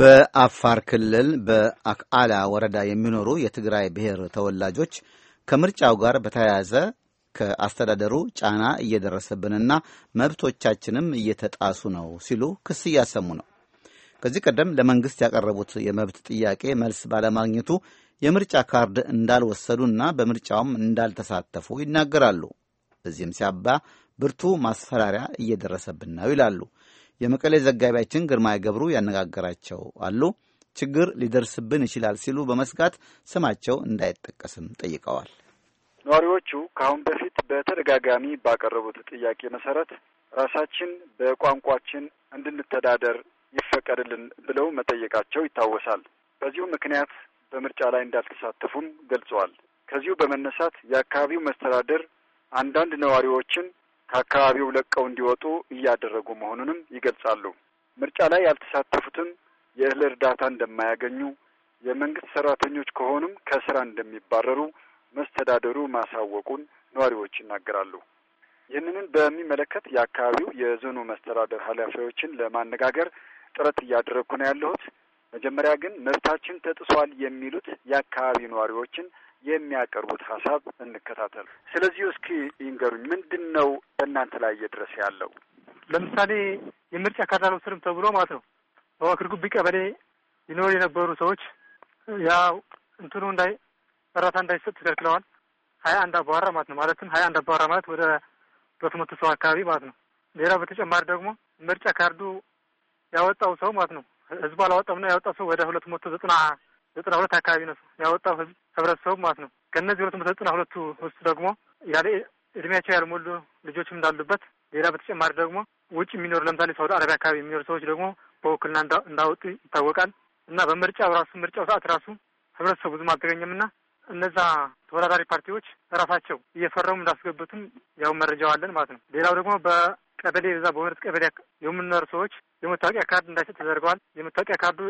በአፋር ክልል በአክአላ ወረዳ የሚኖሩ የትግራይ ብሔር ተወላጆች ከምርጫው ጋር በተያያዘ ከአስተዳደሩ ጫና እየደረሰብንና መብቶቻችንም እየተጣሱ ነው ሲሉ ክስ እያሰሙ ነው። ከዚህ ቀደም ለመንግስት ያቀረቡት የመብት ጥያቄ መልስ ባለማግኘቱ የምርጫ ካርድ እንዳልወሰዱና በምርጫውም እንዳልተሳተፉ ይናገራሉ። በዚህም ሲያባ ብርቱ ማስፈራሪያ እየደረሰብን ነው ይላሉ። የመቀሌ ዘጋቢያችን ግርማ ገብሩ ያነጋገራቸው አሉ። ችግር ሊደርስብን ይችላል ሲሉ በመስጋት ስማቸው እንዳይጠቀስም ጠይቀዋል። ነዋሪዎቹ ከአሁን በፊት በተደጋጋሚ ባቀረቡት ጥያቄ መሰረት ራሳችን በቋንቋችን እንድንተዳደር ይፈቀድልን ብለው መጠየቃቸው ይታወሳል። በዚሁ ምክንያት በምርጫ ላይ እንዳልተሳተፉም ገልጸዋል። ከዚሁ በመነሳት የአካባቢው መስተዳደር አንዳንድ ነዋሪዎችን ከአካባቢው ለቀው እንዲወጡ እያደረጉ መሆኑንም ይገልጻሉ። ምርጫ ላይ ያልተሳተፉትም የእህል እርዳታ እንደማያገኙ፣ የመንግስት ሰራተኞች ከሆኑም ከስራ እንደሚባረሩ መስተዳደሩ ማሳወቁን ነዋሪዎች ይናገራሉ። ይህንንን በሚመለከት የአካባቢው የዞኑ መስተዳደር ኃላፊዎችን ለማነጋገር ጥረት እያደረግኩ ነው ያለሁት። መጀመሪያ ግን መብታችን ተጥሷል የሚሉት የአካባቢ ነዋሪዎችን የሚያቀርቡት ሀሳብ እንከታተል። ስለዚህ እስኪ ይንገሩኝ፣ ምንድን ነው በእናንተ ላይ እየደረሰ ያለው? ለምሳሌ የምርጫ ካርድ አልወሰድም ተብሎ ማለት ነው። በዋክር ጉቢ ቀበሌ ይኖሩ የነበሩ ሰዎች ያው እንትኑ እንዳይ እርዳታ እንዳይሰጥ ተከልክለዋል። ሀያ አንድ አባወራ ማለት ነው። ማለትም ሀያ አንድ አባወራ ማለት ወደ ሁለት መቶ ሰው አካባቢ ማለት ነው። ሌላ በተጨማሪ ደግሞ ምርጫ ካርዱ ያወጣው ሰው ማለት ነው ህዝቡ አላወጣም ነው ያወጣው ሰው ወደ ሁለት መቶ ዘጠና ዘጠና ሁለት አካባቢ ነው ያወጣው ህዝብ ህብረተሰቡ ማለት ነው። ከእነዚህ ሁለት መቶ ዘጠና ሁለቱ ውስጥ ደግሞ ያለ እድሜያቸው ያልሞሉ ልጆችም እንዳሉበት፣ ሌላ በተጨማሪ ደግሞ ውጭ የሚኖሩ ለምሳሌ ሳውዲ አረቢያ አካባቢ የሚኖሩ ሰዎች ደግሞ በውክልና እንዳወጡ ይታወቃል። እና በምርጫው ራሱ ምርጫው ሰዓት ራሱ ህብረተሰቡ ብዙም አልተገኘም እና እነዛ ተወዳዳሪ ፓርቲዎች ራሳቸው እየፈረሙ እንዳስገቡትም ያው መረጃው አለን ማለት ነው። ሌላው ደግሞ በቀበሌ በዛ በሁለት ቀበሌ የምንኖር ሰዎች የመታወቂያ ካርድ እንዳይሰጥ ተደርገዋል። የመታወቂያ ካርዱ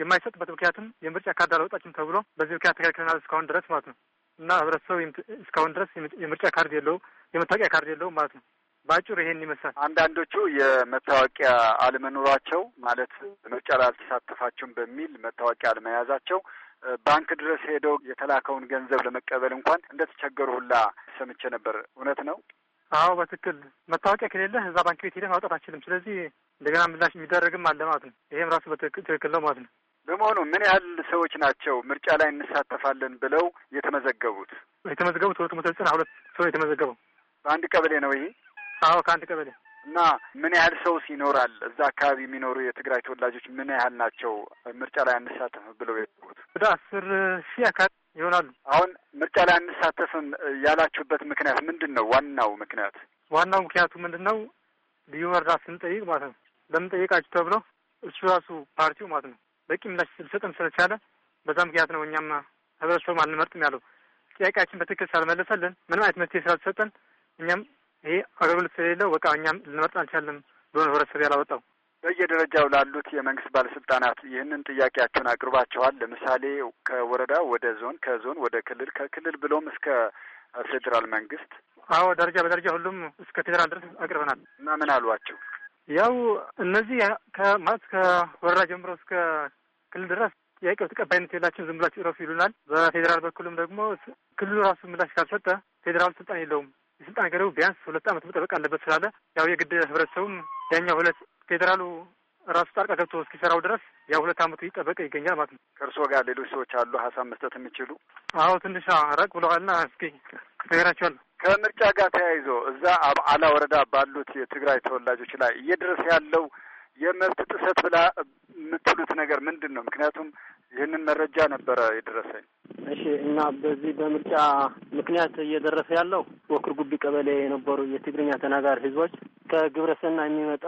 የማይሰጥበት ምክንያትም የምርጫ ካርድ አልወጣችም ተብሎ በዚህ ምክንያት ተከልክለናል እስካሁን ድረስ ማለት ነው። እና ህብረተሰቡ እስካሁን ድረስ የምርጫ ካርድ የለው የመታወቂያ ካርድ የለውም ማለት ነው። በአጭሩ ይሄን ይመስላል። አንዳንዶቹ የመታወቂያ አለመኖራቸው ማለት ምርጫ ላይ አልተሳተፋችሁም በሚል መታወቂያ አለመያዛቸው ባንክ ድረስ ሄደው የተላከውን ገንዘብ ለመቀበል እንኳን እንደተቸገሩ ሁላ ሰምቼ ነበር። እውነት ነው? አዎ በትክክል መታወቂያ ከሌለህ እዛ ባንክ ቤት ሄደህ ማውጣት አችልም። ስለዚህ እንደገና ምላሽ የሚደረግም አለ ማለት ነው። ይሄም ራሱ በትክክል ነው ማለት ነው። በመሆኑ ምን ያህል ሰዎች ናቸው ምርጫ ላይ እንሳተፋለን ብለው የተመዘገቡት? የተመዘገቡት ሁለት መቶ ዘጠና ሁለት ሰው የተመዘገበው በአንድ ቀበሌ ነው። ይሄ አዎ ከአንድ ቀበሌ እና ምን ያህል ሰውስ ይኖራል? እዛ አካባቢ የሚኖሩ የትግራይ ተወላጆች ምን ያህል ናቸው ምርጫ ላይ አንሳተፍ ብለው የጠቁት? ወደ አስር ሺህ አካባቢ ይሆናሉ። አሁን ምርጫ ላይ አንሳተፍም ያላችሁበት ምክንያት ምንድን ነው? ዋናው ምክንያት ዋናው ምክንያቱ ምንድን ነው? ልዩ መርዳት ስንጠይቅ ማለት ነው ለምን ተብሎ እሱ ራሱ ፓርቲው ማለት ነው በቂ ምላሽ ስልሰጥም ስለቻለ በዛ ምክንያት ነው እኛም ህብረተሰቡም አልንመርጥም ያለው። ጥያቄያችን በትክክል ስላልመለሰልን ምንም አይነት መፍትሄ ስላልተሰጠን እኛም ይሄ አገልግሎት ስለሌለው በቃ እኛም ልንመርጥ አልቻለም ብሎ ህብረተሰብ ያላወጣው። በየደረጃው ላሉት የመንግስት ባለስልጣናት ይህንን ጥያቄያቸውን አቅርባችኋል? ለምሳሌ ከወረዳ ወደ ዞን፣ ከዞን ወደ ክልል፣ ከክልል ብሎም እስከ ፌዴራል መንግስት? አዎ፣ ደረጃ በደረጃ ሁሉም እስከ ፌዴራል ድረስ አቅርበናል። እና ምን አሏቸው? ያው እነዚህ ማለት ከወረዳ ጀምሮ እስከ ክልል ድረስ ጥያቄው ተቀባይነት የላቸው ዝም ብላችሁ እረፉ ይሉናል። በፌዴራል በኩልም ደግሞ ክልሉ ራሱ ምላሽ ካልሰጠ ፌዴራሉ ስልጣን የለውም። የስልጣን ገደቡ ቢያንስ ሁለት ዓመት መጠበቅ አለበት ስላለ ያው የግድ ህብረተሰቡም ያኛው ሁለት ፌዴራሉ ራሱ ጣልቃ ገብቶ እስኪሰራው ድረስ ያው ሁለት አመቱ ይጠበቀ ይገኛል ማለት ነው። ከእርስዎ ጋር ሌሎች ሰዎች አሉ ሀሳብ መስጠት የሚችሉ? አዎ ትንሽ ራቅ ብለዋልና እስኪ ነግራቸዋለሁ። ከምርጫ ጋር ተያይዞ እዛ አላ ወረዳ ባሉት የትግራይ ተወላጆች ላይ እየደረሰ ያለው የመብት ጥሰት ብላ የምትሉት ነገር ምንድን ነው? ምክንያቱም ይህንን መረጃ ነበረ የደረሰኝ። እሺ እና በዚህ በምርጫ ምክንያት እየደረሰ ያለው ወክር ጉቢ ቀበሌ የነበሩ የትግርኛ ተናጋሪ ህዝቦች ከግብረሰና የሚመጣ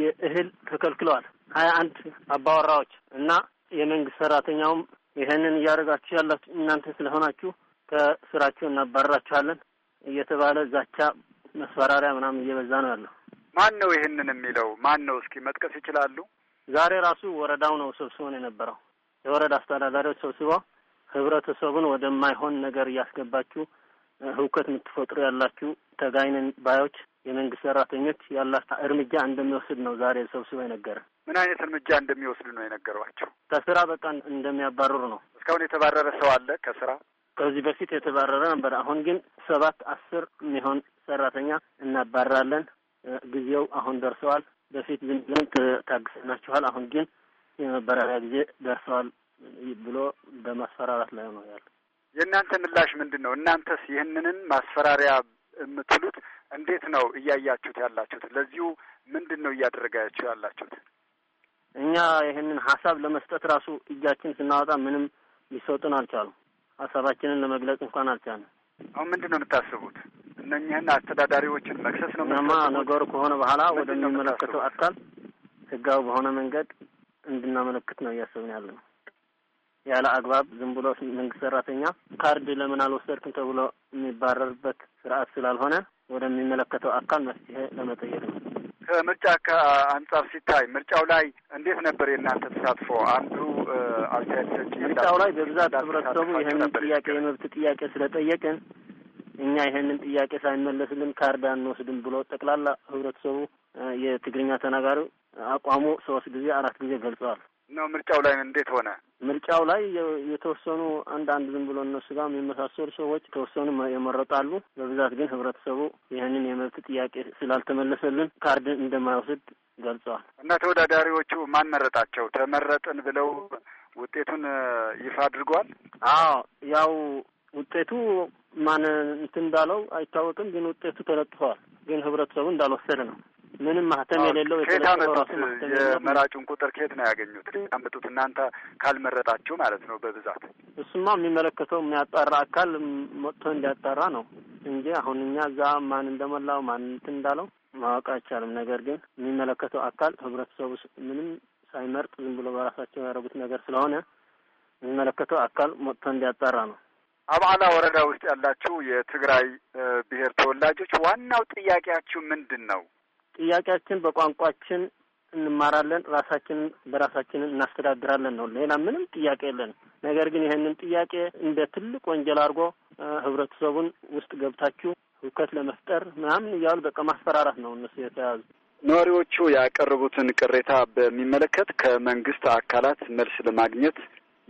የእህል ተከልክለዋል። ሀያ አንድ አባወራዎች እና የመንግስት ሰራተኛውም ይህንን እያደረጋችሁ ያላችሁ እናንተ ስለሆናችሁ ከስራችሁ እናባረራችኋለን እየተባለ ዛቻ፣ መስፈራሪያ ምናምን እየበዛ ነው ያለው። ማን ነው ይህንን የሚለው? ማን ነው? እስኪ መጥቀስ ይችላሉ? ዛሬ ራሱ ወረዳው ነው ሰብስቦን የነበረው የወረዳ አስተዳዳሪዎች ሰብስበው ህብረተሰቡን ወደማይሆን ነገር እያስገባችሁ ህውከት የምትፈጥሩ ያላችሁ ተጋይንን ባዮች የመንግስት ሰራተኞች ያላ እርምጃ እንደሚወስድ ነው ዛሬ ሰብስቦ የነገረ። ምን አይነት እርምጃ እንደሚወስድ ነው የነገሯቸው? ከስራ በቃ እንደሚያባርሩ ነው። እስካሁን የተባረረ ሰው አለ ከስራ? ከዚህ በፊት የተባረረ ነበር። አሁን ግን ሰባት አስር የሚሆን ሰራተኛ እናባራለን። ጊዜው አሁን ደርሰዋል። በፊት ዝም ብለን ታግሰናችኋል። አሁን ግን የመበራሪያ ጊዜ ደርሰዋል ብሎ በማስፈራራት ላይ ነው ያለ። የእናንተ ምላሽ ምንድን ነው? እናንተስ ይህንንን ማስፈራሪያ የምትሉት እንዴት ነው እያያችሁት ያላችሁት? ለዚሁ ምንድን ነው እያደረጋችሁ ያላችሁት? እኛ ይህንን ሀሳብ ለመስጠት ራሱ እጃችን ስናወጣ ምንም ሊሰጡን አልቻሉ። ሀሳባችንን ለመግለጽ እንኳን አልቻለ። አሁን ምንድን ነው የምታስቡት? እነኝህን አስተዳዳሪዎችን መክሰስ ነው ማ ነገሩ ከሆነ በኋላ ወደሚመለከተው አካል ህጋዊ በሆነ መንገድ እንድናመለክት ነው እያሰብን ያለ ነው። ያለ አግባብ ዝም ብሎ መንግስት ሰራተኛ ካርድ ለምን አልወሰድክም ተብሎ የሚባረርበት ስርዓት ስላልሆነ ወደሚመለከተው አካል መፍትሄ ለመጠየቅ ነው። ከምርጫ አንጻር ሲታይ ምርጫው ላይ እንዴት ነበር የእናንተ ተሳትፎ? አንዱ አስተያየት ምርጫው ላይ በብዛት ህብረተሰቡ ይህንን ጥያቄ የመብት ጥያቄ ስለጠየቅን እኛ ይህንን ጥያቄ ሳይመለስልን ካርድ አንወስድም ብሎ ጠቅላላ ህብረተሰቡ የትግርኛ ተናጋሪው አቋሙ ሶስት ጊዜ አራት ጊዜ ገልጸዋል። ነው ምርጫው ላይ እንዴት ሆነ? ምርጫው ላይ የተወሰኑ አንዳንድ ዝም ብሎ እነሱ ጋር የሚመሳሰሉ ሰዎች የተወሰኑ የመረጣሉ። በብዛት ግን ህብረተሰቡ ይህንን የመብት ጥያቄ ስላልተመለሰልን ካርድ እንደማይወስድ ገልጸዋል። እና ተወዳዳሪዎቹ ማን መረጣቸው? ተመረጥን ብለው ውጤቱን ይፋ አድርጓል? አዎ ያው ውጤቱ ማን እንትን እንዳለው አይታወቅም፣ ግን ውጤቱ ተለጥፈዋል። ግን ህብረተሰቡ እንዳልወሰደ ነው ምንም ማህተም የሌለው የተለጠፈ የመራጩን ቁጥር ከየት ነው ያገኙት? አምጡት እናንተ ካልመረጣችሁ ማለት ነው በብዛት እሱማ የሚመለከተው የሚያጣራ አካል መጥቶ እንዲያጣራ ነው እንጂ አሁን እኛ እዛ ማን እንደሞላው ማን እንትን እንዳለው ማወቅ አይቻልም። ነገር ግን የሚመለከተው አካል ህብረተሰቡ ምንም ሳይመርጥ ዝም ብሎ በራሳቸው ያደረጉት ነገር ስለሆነ የሚመለከተው አካል መጥቶ እንዲያጣራ ነው። አብዓላ ወረዳ ውስጥ ያላችሁ የትግራይ ብሔር ተወላጆች ዋናው ጥያቄያችሁ ምንድን ነው? ጥያቄያችን በቋንቋችን እንማራለን፣ ራሳችንን በራሳችን እናስተዳድራለን ነው። ሌላ ምንም ጥያቄ የለን። ነገር ግን ይህንን ጥያቄ እንደ ትልቅ ወንጀል አድርጎ ህብረተሰቡን ውስጥ ገብታችሁ ህውከት ለመፍጠር ምናምን እያሉ በቃ ማስፈራራት ነው እነሱ የተያዙ። ነዋሪዎቹ ያቀረቡትን ቅሬታ በሚመለከት ከመንግስት አካላት መልስ ለማግኘት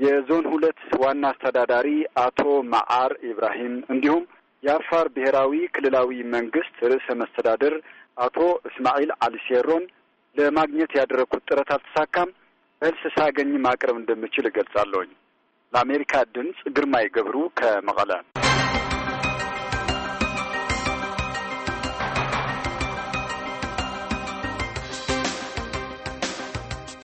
የዞን ሁለት ዋና አስተዳዳሪ አቶ ማአር ኢብራሂም እንዲሁም የአፋር ብሔራዊ ክልላዊ መንግስት ርዕሰ መስተዳድር አቶ እስማኤል አልሴሮን ለማግኘት ያደረግኩት ጥረት አልተሳካም። መልስ ሳገኝ ማቅረብ እንደምችል እገልጻለሁኝ። ለአሜሪካ ድምፅ ግርማይ ገብሩ ከመቀለ